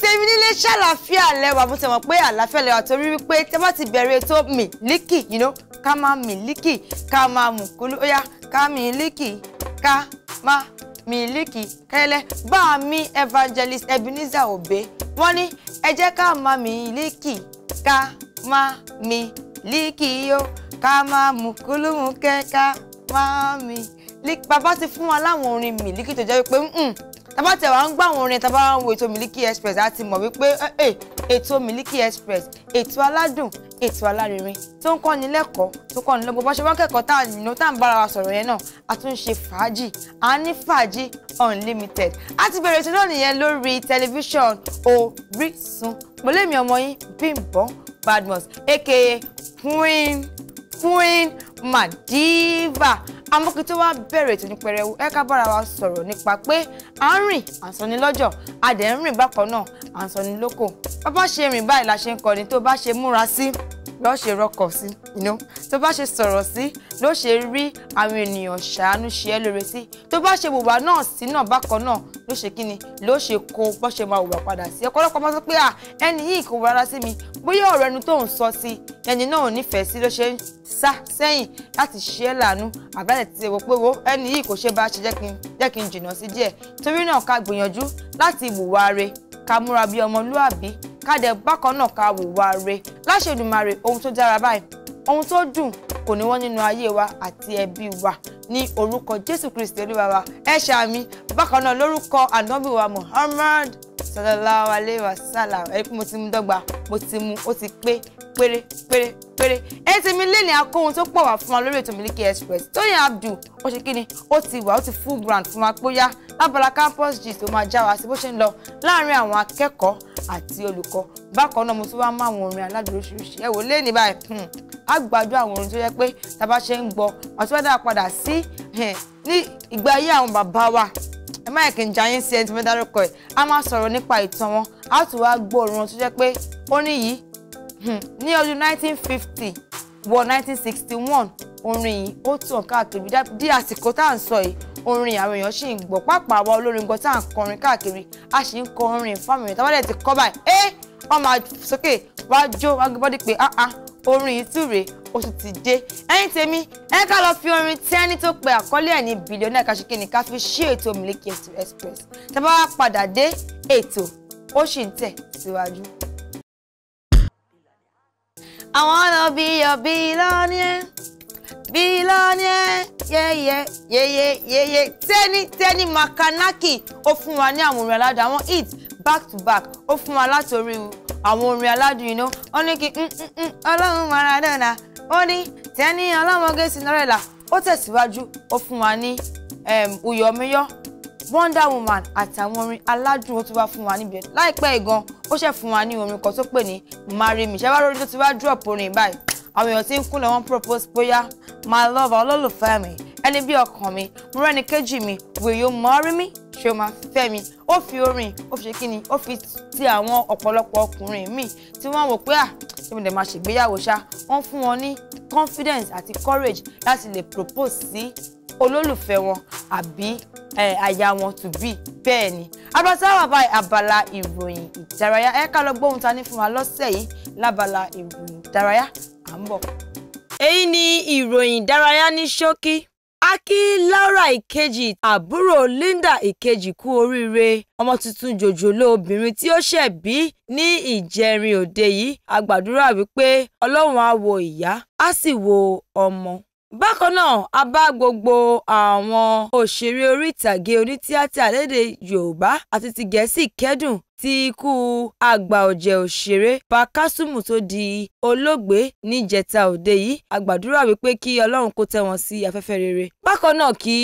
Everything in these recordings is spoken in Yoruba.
tèmi nílé ṣàlàáfíà lẹ́wà bó ti mọ̀ pé àlàáfíà lẹ́wà torí wípé tẹ́ bá ti bẹ̀rẹ̀ ètò Miliki you know ká máa Miliki ká máa mùkúlú ó yá ká Miliki ká máa Miliki kẹ́lẹ́ bá mi evangelist Ebenezer Obey wọ́n ní ẹ jẹ́ ká máa Miliki ká máa Miliki yó ká máa mùkúlú mú kẹ́ ká máa Miliki bàbá ti fún wa láwọn orin Miliki tó jẹ́ wípé tábà tẹ̀ wá ń gbọ́ àwọn orin tábà ń wo ètò Miliki Express a ti mọ̀ wípé eh, eh, ètò Miliki Express ètò aládùn ètò alárinrin tó ń kọ́ni lẹ́kọ̀ọ́ tó kọ́ni lọ́gbọ́n bá ṣe wá kẹ́kọ̀ọ́ tá àdìnnú tá à ń bára wa sọ̀rọ̀ yẹn náà a tún ṣe fàájì a ní fàájì unlimited a ti bẹ̀rẹ̀ ètò náà nìyẹn lórí tẹlifíṣàn Orísun mọ̀lẹ́mi ọmọ yín Bímbọ́ Badmus aka Queen Queen Madiva àmọ́ tó wá bẹ̀rẹ̀ ètò ní pẹrẹwu ẹ ká bára wa sọ̀rọ̀ nípa pé à ń rìn à ń sọni lọ́jọ́ a dẹ̀ ń rìn bákan náà à ń sọni lóko bá bá ṣe rìn báyìí la ṣe ń kọrin tó bá ṣe múra sí. Si ló ṣe rọkọ̀ sí tó bá ṣe sọ̀rọ̀ sí ló ṣe rí àwọn ènìyàn ṣàánú ṣe ẹ́ lóore sí tó bá ṣe wùwà náà sí náà bákan náà ló ṣe kíni ló ṣe kó bó ṣe máa wùwà padà sí ọ̀pọ̀lọpọ̀ máa sọ pé à ẹni yìí kò rárá sí mi bóyá ọ̀rọ̀ ẹnu tó ń sọ sí ẹni náà ò nífẹ̀ẹ́ sí ló ṣe ń sá sẹ́yìn láti ṣe é lànú àbálẹ̀ ti wò pé wo ẹni yìí kò ṣe bá ṣe jẹ́ kí n jìnnà sí díẹ̀ torí náà ká gbìyànjú láti wùwà re ká múra bí ọmọlúàbí kádẹ bákan náà ká wùwà re láṣẹ Olódùmarè ohun tó dára báyìí ohun tó dùn kò ní wọ́n nínú ayé wa àti ẹbí wa ní orúkọ Jésù Kristi Olúwa wa ẹ ṣàmì bákan náà lórúkọ ànábì wa Muhammad sallallahu alayhi wa sallam ẹ pé mo ti mú dọ́gba mo ti mú ó ti pé péré péré péré ẹ ti mi léèní akóhun tó pọ̀ wá fún wa lórí ètò Miliki Express Tóyìn Abdul ó ṣe kí ni ó ti wà ó ti full brand fún wa póyá lábala campus gist tó máa já wa sí bó ṣe ń lọ láàárín àwọn akẹ́kọ̀ọ́ àti olùkọ́ bákan náà mo tún wá mọ àwọn orin aládùn oríṣiríṣi ẹ wò léèní báyìí á hmm. gbàdúrà àwọn orin tó yẹ pé tá ṣe ń gbọ́ wọn ti wá dára padà sí hmm, ní ìgbà ayé àwọn bàbá wa ẹ má yẹ kí n jayín sí ẹni tí mo dárúkọ ẹ a máa sọ̀rọ̀ nípa ìtàn wọn a tún wá gbọ́ orin wọn tó jẹ́ pé ó níyì Hmm. ní ọdún 1950 wọ 1961 orin yìí ó tàn káàkiri di àsìkò tá à ń sọ yìí orin àwọn èèyàn ṣì ń gbọ́ pàápàá àwa olórin gbọ́ tá à ń kọrin káàkiri a ṣì ń kọ orin fáwọn èèyàn tábàdẹ̀ ti kọ́ báyìí ẹ́ wọ́n máa sókè wá jó wá gbé bọ́dí pé áá ah, ah, orin yìí túre ó sì ti dé ẹ̀yin tèmi ẹ ká lọ fi orin tẹ́ni tó pe àkọ́lé ẹ̀ ní bìlíọ̀nù ẹ̀ka ṣe kíni ká fi ṣí ètò Miliki Express tá bá wá padà dé ètò ó sì ń tẹ̀ síwájú. I wanna be your billionaire. Billionaire. Yeah, yeah, yeah, yeah, yeah, yeah. Tẹ́ni Tẹ́ni Makanaki ó fún wa ní àwọn orin aládùn àwọn hit back to back ó fún wa láti orí àwọn orin aládùn yìí ná. Ó ní kí mm, mm, mm, Ọlọ́run Maradona ó ní Tẹ́ni ọlọ́mọge Cinderella ó tẹ̀síwájú ó fún wa ní uyọ̀míyọ̀ wonder woman àtàwọn orin aládùn ó ti wá fún wa níbi láìpẹ́ ìgan ó ṣẹ̀ fún wa ní orin kan tó pè ní marry me ṣẹ́wá lórí tó ti wá drop orin báyìí àwọn èèyàn ti ń kún lọ́wọ́n propose bóyá my love, olólùfẹ́ mi ẹni bí ọkàn mi mo rẹ́ni kejì mi will you marry me ṣé o máa fẹ́ mi ó fi orin ó fi ṣe kí ni ó fi ti àwọn ọ̀pọ̀lọpọ̀ ọkùnrin míì tí wọ́n wò pé à ah, ṣé mo dẹ̀ máa ṣègbéyàwó ṣá wọ́n fún wọn ní confidence àti courage láti lè propose sí olólùfẹ́ wọn àbí àyà wọn to be bẹ́ẹ̀ ni abasáwà báyìí abala ìròyìn ìdárayá ẹ ká lọ gbóhùn ta ní fún wa lọ́sẹ̀ yìí lábala ìròyìn ìdárayá à ń bọ̀. èyí ni ìròyìn ìdárayá ní ṣókí a kí Laura ìkejì àbúrò Linda ìkejì kú oríire ọmọ tuntun jòjòló obìnrin tí ó ṣẹ̀ bí ní ìjẹrin òde yìí a gbàdúrà wípé Ọlọ́run á wo ìyá á sì wo ọmọ. Bákan náà, a bá gbogbo àwọn òṣèré orí ìtàgé onítìátà lédè Yorùbá àti ti Gẹ̀ẹ́sì kẹ́dùn ti ikú àgbà ọ̀jẹ̀ òṣèré Pa Kásùmù tó di olóògbé níjẹta òde yìí a gbàdúrà wípé kí Ọlọ́run kó tẹ́ wọn sí afẹ́fẹ́ rere. Bákan náà kí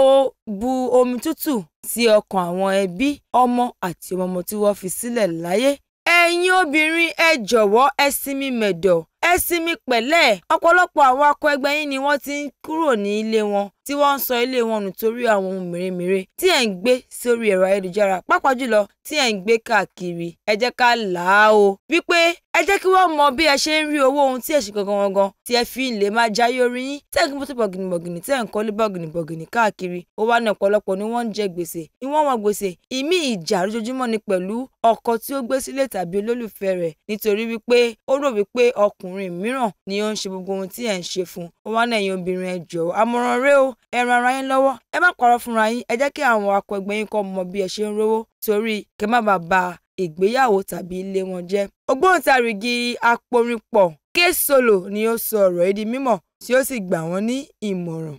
ó bu omi tútù sí ọkàn àwọn ẹbí ọmọ àti ọmọ tí wọ́n fi sílẹ̀ láyé. Ẹ̀yin obìnrin ẹ jọ̀wọ́ ẹ sinmi mẹ̀dọ̀ ẹ sinmi pẹ̀lẹ́ ọ̀pọ̀lọpọ̀ àwọn akọ ẹgbẹ́ yín ni wọ́n ti kúrò nílé wọn tí wọ́n ń sọ ilé wọn nù torí àwọn ohun mèremère tí ẹ̀ ń gbé sórí ẹ̀rọ ayélujára pàápàá jùlọ tí ẹ̀ ń gbé káàkiri ẹ jẹ́ ká là á o wípé ẹ jẹ́ kí wọ́n mọ bí ẹ ṣe ń rí owó ohun tí ẹ ṣe gangan gangan tí ẹ fi lè máa jayé orí yín tí ẹ̀ ń gbọ́tò bọ̀gìnìbọ̀gìnì tí ẹ̀ ń kọ́lé bọ̀gìnìbọ̀gìnì káàkiri ó wá ní ọ̀pọ̀lọpọ̀ ni wọ́n ń jẹ gbèsè ni wọ́n wọn gbèsè ìmí ìjà lójoojúmọ́ ni pẹ̀lú ọkọ tí ó gbé sílé tàbí olólùfẹ́ rẹ̀ nítorí wípé ó rò wípé ọkùnrin mìíràn ni ó ń ṣe gbogbo ohun tí ẹ̀ ń ṣe fún ó wá ní ẹ̀yin obìnrin ẹ jọ̀ọ́ àmọ̀ràn rẹ o ẹ ran ara yín lọ́wọ́ ẹ má parọ́ fúnra yín ẹ jẹ́ kí àwọn akọ̀gbẹ́ yín kọ́ mọ bí ẹ ṣe ń rówó torí kẹ́ má bàa ba ìgbéyàwó tàbí ilé wọn jẹ́. ògbóǹtarìgì aporinpọ̀ Ké Solo ni ó sọ ọ̀rọ̀ yìí di mímọ̀ tí ó sì gbà wọ́n ní ìmọ̀ràn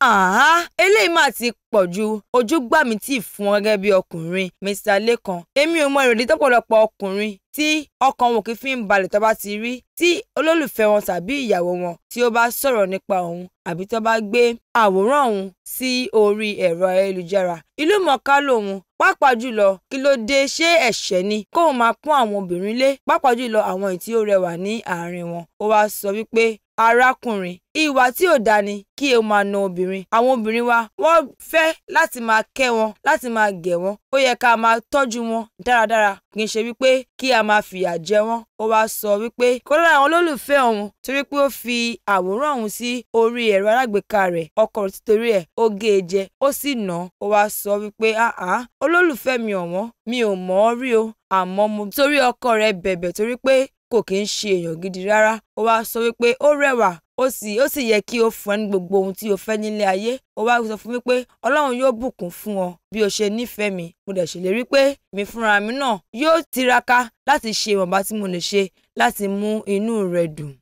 ah eléyìí mà ti pọ̀ ju ojúgbà mi tí fún ọ gẹ́gẹ́ bí ọkùnrin Mr Lẹ́kan èmi ò mọ ìròdì tọ́pọ̀lọpọ̀ ọkùnrin tí ọkàn wọn kì í fi ń balẹ̀ tó bá ti rí tí olólùfẹ́ wọn tàbí ìyàwó wọn tí ó bá sọ̀rọ̀ nípa òun àbí tó bá gbé àwòrán òun sí orí ẹ̀rọ ayélujára ìlú mọ̀ọ́ká lòun pàápàá jùlọ kí ló dé ṣé ẹ̀ṣẹ̀ ni kóun máa pọ́n àwọn obìnrin lé pàápàá jùlọ àwọn ìtí ó rẹwà ní àárín wọn ó wáá sọ wípé arákùnrin ìwà tí ò dáa ni kí o máa na obìnrin àwọn obìnrin wa wọ́n fẹ́ láti máa kẹ́ wọn láti máa gẹ̀ wọ́n ó yẹ ká máa tọ́jú wọn dáradára kì í ṣe wípé kí a máa fìyà jẹ wọ́n ó wá sọ wípé kó lára àwọn olólùfẹ́ ọ̀hún torí pé ó fi àwòrán ọ̀hún sí orí ẹ̀rọ alágbèéká rẹ̀ ọkọ rẹ̀ títorí ẹ̀ ó gé e jẹ ó sì nà án ó wá sọ wípé àá olólùfẹ́ mi ọ̀wọ́n mi ò mọ̀ ọ́ rí o àmọ́ mo torí ọkọ rẹ̀ bẹ̀bẹ̀ torí pé kò kí ń ṣe èèyàn gidi rárá ó wá sọ wípé ó rẹwà ó sì ó sì yẹ kí ó fún ẹ ní gbogbo ohun tí o fẹ́ nílé ayé ó wá sọ fún mi pé ọlọ́run yóò bùkún fún ọ bí o ṣe nífẹ̀ẹ́ mi mo dẹ̀ ṣèlérí pé mi fúnra mi náà yóò tiraka láti ṣe ìwọ̀nba tí mo lè ṣe láti mú inú rẹ dùn.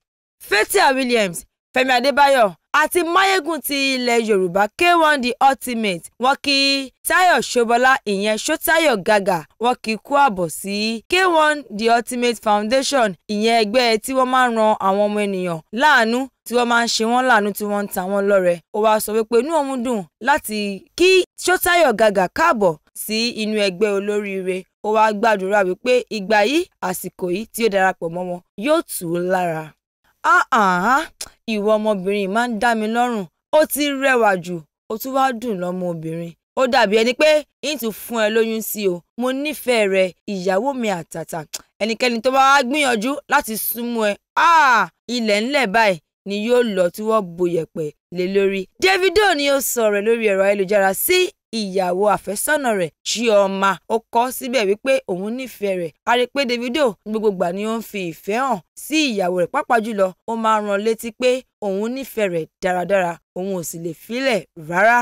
Fatia Williams Fẹ́mi Adébáyọ̀ àti Máyégún ti ilẹ̀ Yorùbá K1 The Ultimate wọ́n kí Táyọ̀ Ṣọbọlá ìyẹn Ṣótáyọ̀ Gàgà wọ́n kí kú àbọ̀ sí K1 The Ultimate Foundation ìyẹn ẹgbẹ́ tí wọ́n máa ń ran àwọn ọmọ ènìyàn láàánú tí wọ́n máa ń ṣe wọ́n láàánú tí wọ́n ń ta wọ́n lọ́rẹ. ó wáá sọ wípé inú òun dùn láti kí Ṣótáyọ̀ Gàgà káàbọ̀ sí inú ẹgbẹ́ olóríire ó wáá gbàdúrà wípé ìgbà yìí àsìkò yìí tí ó darapọ̀ mọ́ wọn yóò tù ú lára áà ìwọ ọmọbìnrin máa ń dá mi lọ́rùn ó ti rẹwà jù ó tún wáá dùn lọ́mọ obìnrin ó dàbí ẹni pé yín tún fún ẹ lóyún sí o mo nífẹ̀ẹ́ rẹ ìyàwó mi àtàtà ẹnikẹ́ni tó bá wá gbìyànjú láti súnmọ́ ẹ ah, ilẹ̀ ńlẹ̀ báyìí ni yóò lọ tí wọ́n bo yẹ̀pẹ̀ lé lórí. Davido ni ó sọ̀rọ̀ lórí ẹ̀rọ ayélujára sí ìyàwó àfẹ́sọ́nà rẹ̀ Chioma ó kọ síbẹ̀ wípé òun nífẹ̀ẹ́ rẹ̀ a rí i pé Davido gbogbo gbà ni ó ń fi ìfẹ́ hàn sí ìyàwó rẹ̀ pàápàá jùlọ ó máa ń ran létí pé òun nífẹ̀ẹ́ rẹ̀ dáradára òun ò sì lè filẹ̀ rárá.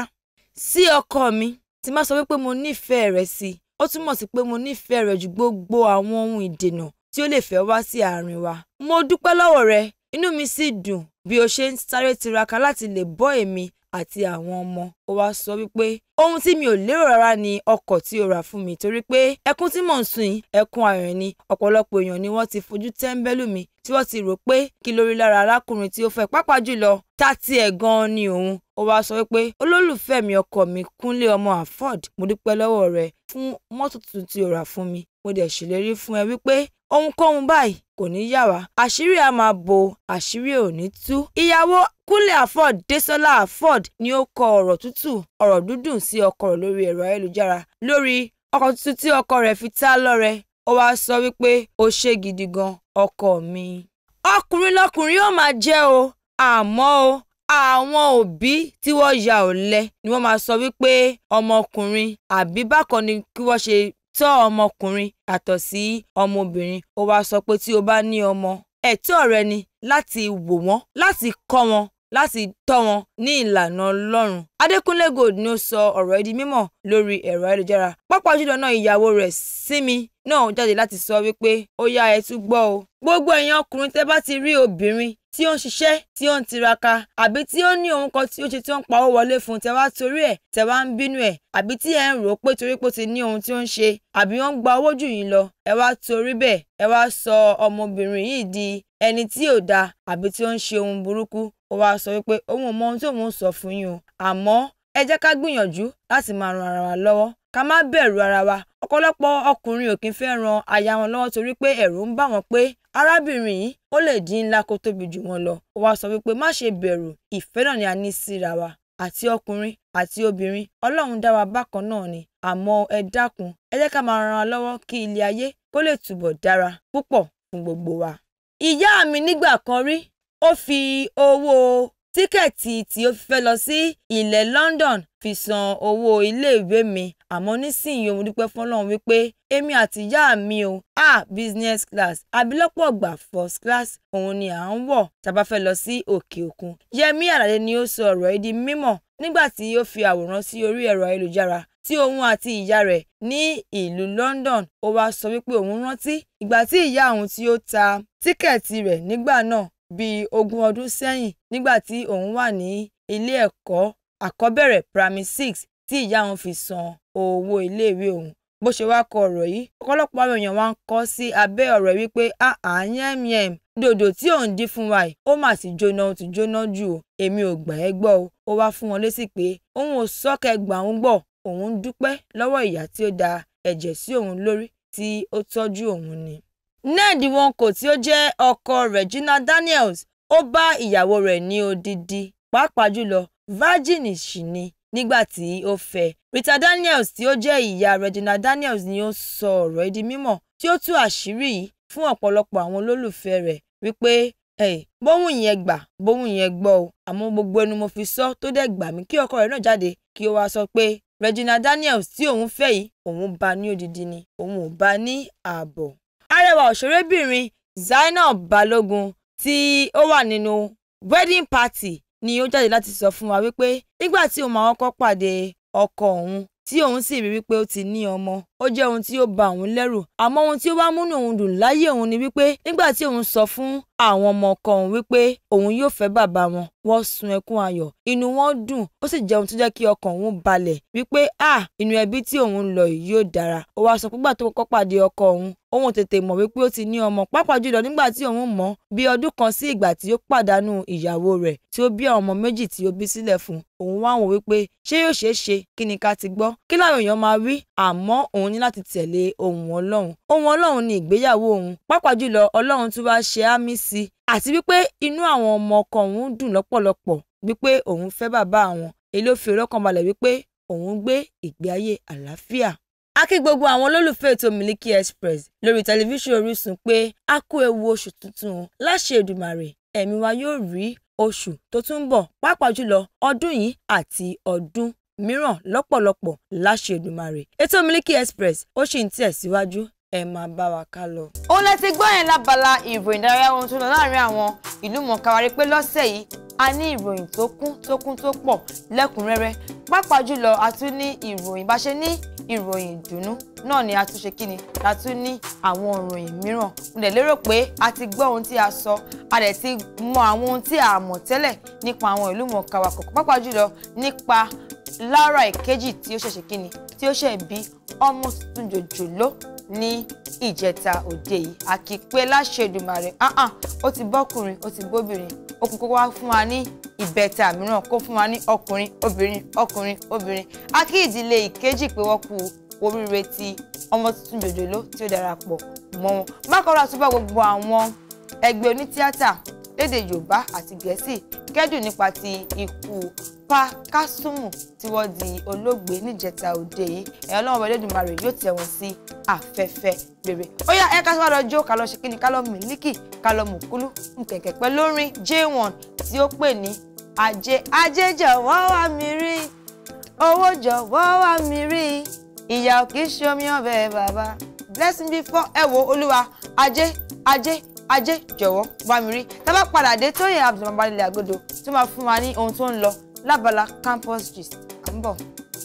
sí ọkọ mi tí má sọ wípé mo nífẹ̀ẹ́ rẹ̀ sí i ó túmọ̀ sí pé mo nífẹ̀ẹ́ rẹ̀ ju gbogbo àwọn ohun ìdènà tí ó lè fẹ́ wá sí àárín wa. mo dúpẹ́ lọ́wọ́ rẹ inú mi sì dùn bí o ṣe ń sáré tiraka láti lè bọ́ èmi àti àwọn ọmọ ó wá sọ wípé ohun tí mi ò lérò rárá ni ọkọ̀ tí o rà fún mi torí pé ẹkún tí mò ń sun yìí ẹkún ayọ̀ ni ọ̀pọ̀lọpọ̀ èèyàn ni wọ́n ti fojú tẹ́ńbẹ́lú mi tí wọ́n ti rò pé kí lórí lára arákùnrin tí ó fẹ́ pápá jùlọ tá tiẹ̀ gan ni òun ó wá sọ wípé olólùfẹ́ mi ọkọ mi kúnlé ọmọ afọ́d mo dúpẹ́ lọ́wọ́ rẹ fún mọ́tò tuntun tí o rà fún mi mo dẹ̀ ṣèlérí fún ẹ wípé ohunkóhun báyìí kò ní yà wá àṣírí a máa bo àṣírí ò ní tú ìyàwó Kúnlé Afod Désolá Afod ni ó kọ ọ̀rọ̀ tútù ọ̀rọ̀ dídùn sí ọkọ rẹ̀ lórí ẹ̀rọ ayélujára lórí ọkọ̀ tuntun tí ọkọ rẹ̀ fi ta lọ́rẹ, ó wá sọ wípé "o ṣé gidi gan ọkọ mi". Ọkùnrin lọkùnrin ó máa jẹ́ o, àmọ́ o, àwọn òbí tí wọ́n ya ọ̀lẹ ni wọ́n máa sọ wípé ọmọkùnrin àbí bákan ni kí wọ́n ṣe tọ́ ọmọkùnrin yàtọ̀ sí ọmọbìnrin, ó wá sọ pé tí o bá ní ọmọ, ẹ̀tọ́ rẹ ni láti wò wọ́n, láti kọ́ wọn, láti tọ́ wọn ní ìlànà Ọlọ́run. Adékúnlé Gold ni ó sọ ọ̀rọ̀ yìí di mímọ̀ lórí ẹ̀rọ ayélujára pàápàá jùlọ náà ìyàwó rẹ̀ Sími náà jáde láti sọ wípé ó yá ẹ tún gbọ́ o. gbogbo ẹ̀yin ọkùnrin tẹ́ bá ti rí obìnrin tí ó ń ṣiṣẹ́ tí ó ń tiraka àbí tí ó ní ohun kan tí ó ṣe tí ó ń pawó wọlé fún tẹ́ wá torí ẹ̀ tẹ́ wá ń bínú ẹ̀ àbí tí ẹ ń rò ó pé torí pé ó ti ní ohun tí ó ń ṣe àbí wọ́n ń gba owó jù yín lọ ẹ wá torí bẹ́ẹ̀ ẹ wá sọ ọmọbìnrin yìí di ẹni tí ò dáa àbí tí ó ń ṣe ohun burúkú ó wáá sọ wípé òun ò mọ ohun tí òun sọ fún yín o àmọ́ ẹ jẹ́ ká gbìyànjú láti máa ran ara wa lọ́wọ́ ká má bẹ̀rù ara wa ọ̀pọ̀lọpọ̀ ọkùnrin ò kí ń ran aya wọn lọ́wọ́ torí pé ẹ̀rù ń bà wọ́n pé arábìnrin yìí ó lè dín ńlá kó tóbi jù wọ́n lọ ó wáá sọ wípé má ṣe bẹ̀rù ìfẹ́ náà ni a ní síra wa àti ọkùnrin àti obìnrin ọlọ́run dá wa bákan náà ni àmọ́ ẹ dákun ẹ jẹ́ ká máa ran wa lọ́wọ́ kí ilé ayé kó lè túbọ̀ dára púpọ̀ fún gbogbo wa. ìyá mi nígbà kan rí ó fi owó tíkẹ́ẹ̀tì tí ó fẹ́ lọ sí ilẹ̀ London fi san owó iléèwé mi àmọ́ nísìnyí òun dúpẹ́ fọlọ́run wípé èmi àtìyá mi o a business class abilọ́pọ̀ gbà first class òun ni à ń wọ̀ tàbá fẹ́ lọ sí òkè òkun Yẹmí Aládé ni ó sọ ọ̀rọ̀ yìí di mímọ̀ nígbà tí ó fi àwòrán sí orí ẹ̀rọ ayélujára tí òun àti ìyá rẹ̀ ní ìlú London ó wá sọ wípé òun rántí ìgbà tí ìyá òun tí ó ta tíkẹ́ẹ̀tì rẹ̀ nígbà náà bíi ogún ọdún sẹ́yìn nígbà tí òun wà ní ilé ẹ̀kọ́ àkọ́bẹ̀rẹ̀ primary six tí ìyá òun fi san owó iléèwé òun bó ṣe wá kọ ọ̀rọ̀ yìí ọ̀pọ̀lọpọ̀ àwọn èèyàn wá ń kọ sí abẹ́ ọ̀rọ̀ yìí wípé àá yẹ́mìyẹ́m dòdò tí òun dín fún wa yìí ó mà ti jóná ti jóná jù o èmi ò gbà ẹ́ gbọ́ o ó wá fún wọn lésì pé òun ò sọ́kẹ́ gbà òun gbọ́ òun dúpẹ́ lọ́wọ́ ìyá tí ó da ẹ̀jẹ̀ sí òun lórí tí ó tọ́jú òun ni ned nwoko tí ó jẹ́ ọkọ regina daniels ó bá ìyàwó rẹ̀ ní odidi pàápàá jùlọ fájìnnì sì ni nígbà tí ó fẹ́ Rita Daniels tí ó jẹ́ ìyá Regina Daniels ni ó sọ ọ̀rọ̀ yìí di mímọ̀ tí ó tú àṣírí yìí fún ọ̀pọ̀lọpọ̀ àwọn olólùfẹ́ rẹ̀ wípé bóhùn yẹn gbà bóhùn yẹn gbọ́ o àmọ́ gbogbo ẹnu mo fi sọ tó dẹ̀ gbà mí kí ọkọ rẹ̀ náà jáde kí ó wá sọ pé Regina Daniels tí òun fẹ́ yìí òun bá ní odidi ni òun ò bá ní ààbọ̀ arẹwà òṣèrébìnrin zainab balógun tí ó wà nínú wedding party ni ó jáde láti sọ fún wa wípé nígbà tí òun àwọn kọ́ pàdé ọkọ òun tí òun sì rí wípé ó ti ní ọmọ ó jẹ́ ohun tí ó bà òun lẹ́rù àmọ́ ohun tí ó wá múnú òun dùn láyé òun ni wípé nígbà tí òun sọ fún àwọn ọmọ ọkọ òun wípé òun yóò fẹ́ bàbá wọn wọ́n sun ẹkún ayọ̀ inú wọn dùn ó sì jẹ́ ohun tó jẹ́ kí ọkàn òun balẹ̀ wípé à inú ẹbí tí òun lọ yìí yóò dára ó wá sọ tó kọ́kọ́ pàdé ọkọ òun òun tètè mọ̀ wípé ó ti ní ọmọ pàápàá jùlọ nígbà tí òun mọ̀ bí ọdún kan sí ìgbà tí ó pàdánù ìyàwó rẹ̀ tí ó bí ọmọ méjì tí ó bí sílẹ̀ fún òun wá wò wípé ṣé yóò ṣeé ṣe kí ni ká ti gbọ́ kí láwọn èèyàn máa wí àmọ́ òun ní láti tẹ̀lé ohun ọlọ́run ohun ọlọ́run ni ìgbéyàwó òun pàápàá jùlọ ọlọ́run tún wá ṣe á mí sí i àti wípé inú àwọn ọmọ ọkọ òun dùn lọ́pọ̀lọpọ̀ wípé òun fẹ́ bàbá àwọn èló fi ọlọ́kàn balẹ̀ wípé òun gbé ìgbé ayé àlàáfíà a kí gbogbo àwọn olólùfẹ́ ètò Miliki Express lórí tẹlifíṣàn Orísun pé a kú ewu oṣù tuntun láṣẹ Èdùmàrè ẹ̀mí wa yóò rí oṣù tó tún ń bọ̀ pàápàá jùlọ ọdún yìí àti ọdún mìíràn lọ́pọ̀lọpọ̀ láṣẹ Èdùmàrè ètò Miliki Express ó sì ń tẹ̀síwájú ẹ máa bá wa ká lọ. ó lẹ ti gbọ́ yẹn lábala ìròyìn ìdárayá ohun tó lọ láàrin àwọn ìlú mọ̀ọ́ká wa rí pé lọ́sẹ̀ yìí a ní ìròyìn tó kún tó kún tó pọ̀ lẹ́kùnrẹ́rẹ́ pàápàá jùlọ a tún ní ìròyìn bá ṣe ní ìròyìn ìdùnnú náà ni a tún ṣe kí ni a tún ní àwọn ìròyìn mìíràn mo dẹ̀ lérò pé a ti gbọ́ ohun tí a sọ a dẹ̀ ti mọ àwọn ohun tí a mọ̀ tẹ́lẹ̀ nípa àwọn ìlú mọ̀ọ́ká wa kọ̀ọ̀kan pàápàá jùlọ nípa Lára Ìkejì tí ó ṣẹ̀ṣẹ̀ kí ni tí ó ṣẹ̀ bí ọmọ tuntun jòjòló ní ìjẹta òde yìí àkìpé láṣẹdùmàrè áhàn ó ti bọ́kùnrin ó ti bóbìnrin ó kún kókó wá fún wa ní ìbẹ́ta mìíràn kó fún wa ní ọkùnrin obìnrin ọkùnrin obìnrin a kí ìdílé ìkejì pé wọ́n kú oríire ti ọmọ tuntun jòjòló tí ó darapọ̀ mọ́ wọn bákan náà gbogbo àwọn ẹgbẹ́ onítíátà lédè yorùbá àti gẹ̀ẹ́sì kẹ́dùn nípa ti ikú pa kásùmù tí wọ́n di olóògbé níjẹta òde yìí ẹ̀yọ́ ọlọ́run ọba Elédùmarè yóò tẹ̀ wọ́n sí afẹ́fẹ́ rere ó yá ẹ ká lọ jó ká ṣe kíni ká mílíkì ká lọ mùkúlù nkẹ̀kẹ̀ J1 tí ó pè ní ajé ajé jọ̀wọ́ wá mi rí owó jọ̀wọ́ wá mi rí ìyà ò kì í ṣe omi ọbẹ̀ bàbá blessing before ẹ wo olúwa ajé ajé ajé jọ̀wọ́ wá mi rí tá bá padà dé Tóyìn Abdulmabalẹ̀ Àgọ́dọ̀ tó máa fún wa ní ohun tó ń lọ lábala campus gist à ń bọ̀.